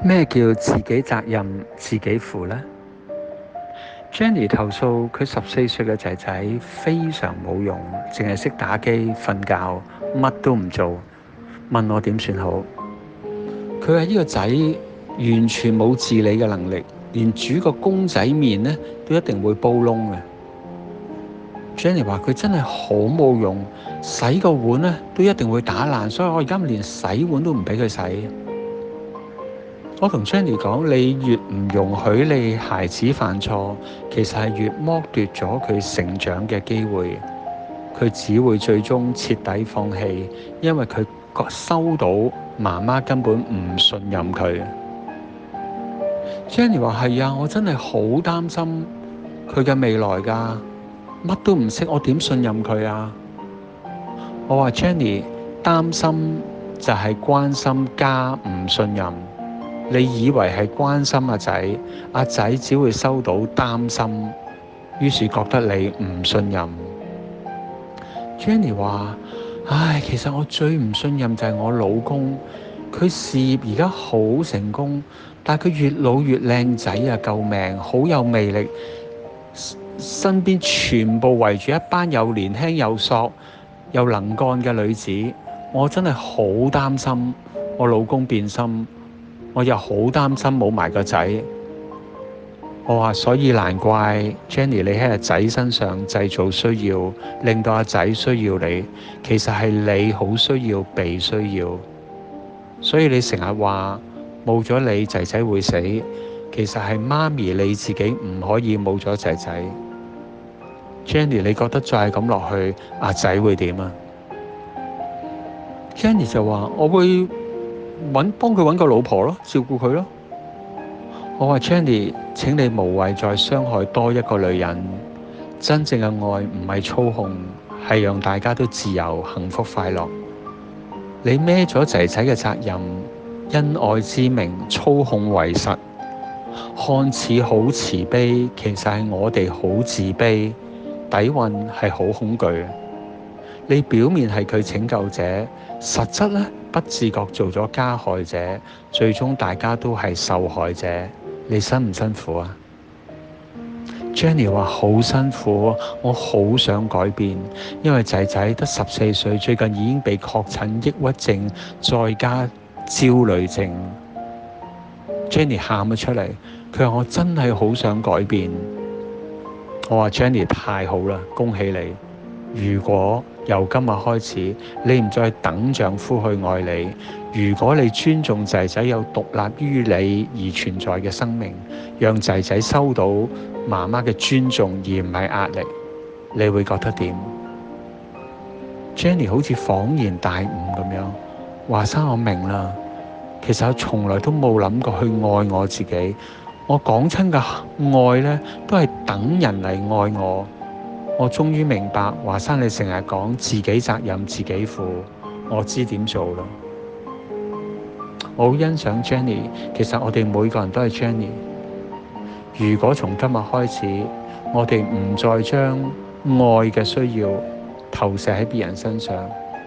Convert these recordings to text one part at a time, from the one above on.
咩叫自己責任自己負呢？Jenny 投訴佢十四歲嘅仔仔非常冇用，淨係識打機、瞓覺，乜都唔做。問我點算好？佢話呢個仔完全冇自理嘅能力，連煮個公仔麵咧都一定會煲窿嘅。Jenny 話佢真係好冇用，洗個碗咧都一定會打爛，所以我而家連洗碗都唔俾佢洗。我同 Jenny 講，你越唔容許你孩子犯錯，其實係越剝奪咗佢成長嘅機會。佢只會最終徹底放棄，因為佢收到媽媽根本唔信任佢。 Jenny 話，係啊，我真係好擔心佢嘅未來㗎，乜都唔識，我點信任佢啊？我話 Jenny，擔心就係關心加唔信任。你以為係關心阿仔，阿仔只會收到擔心，於是覺得你唔信任。Jenny 話：唉，其實我最唔信任就係我老公，佢事業而家好成功，但佢越老越靚仔啊！救命，好有魅力，身邊全部圍住一班又年輕又索又能幹嘅女子，我真係好擔心我老公變心。我又好擔心冇埋個仔，我話，所以難怪 Jenny 你喺阿仔身上製造需要，令到阿仔需要你，其實係你好需要被需要，所以你成日話冇咗你仔仔會死，其實係媽咪你自己唔可以冇咗仔仔。Jenny 你覺得再係咁落去，阿仔會點啊？Jenny 就話我會。揾幫佢揾個老婆咯，照顧佢咯。我話 Jenny，請你無謂再傷害多一個女人。真正嘅愛唔係操控，係讓大家都自由、幸福、快樂。你孭咗仔仔嘅責任，因愛之名操控為實，看似好慈悲，其實係我哋好自卑，底蘊係好恐懼。你表面係佢拯救者，實質呢？不自覺做咗加害者，最終大家都係受害者。你辛唔辛苦啊？Jenny 話好辛苦，我好想改變，因為仔仔得十四歲，最近已經被確診抑鬱症，再加焦慮症。Jenny 喊咗出嚟，佢話我真係好想改變。我話 Jenny 太好啦，恭喜你！如果由今日開始，你唔再等丈夫去愛你；如果你尊重仔仔有獨立於你而存在嘅生命，讓仔仔收到媽媽嘅尊重而唔係壓力，你會覺得點 ？Jenny 好似恍然大悟咁樣，話：華山，我明啦，其實我從來都冇諗過去愛我自己，我講親嘅愛呢，都係等人嚟愛我。我終於明白，華山你成日講自己責任自己負，我知點做啦。我好欣賞 Jenny，其實我哋每個人都係 Jenny。如果從今日開始，我哋唔再將愛嘅需要投射喺別人身上，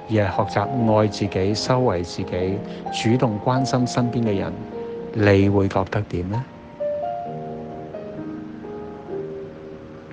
而係學習愛自己、修為自己、主動關心身邊嘅人，你會覺得點咧？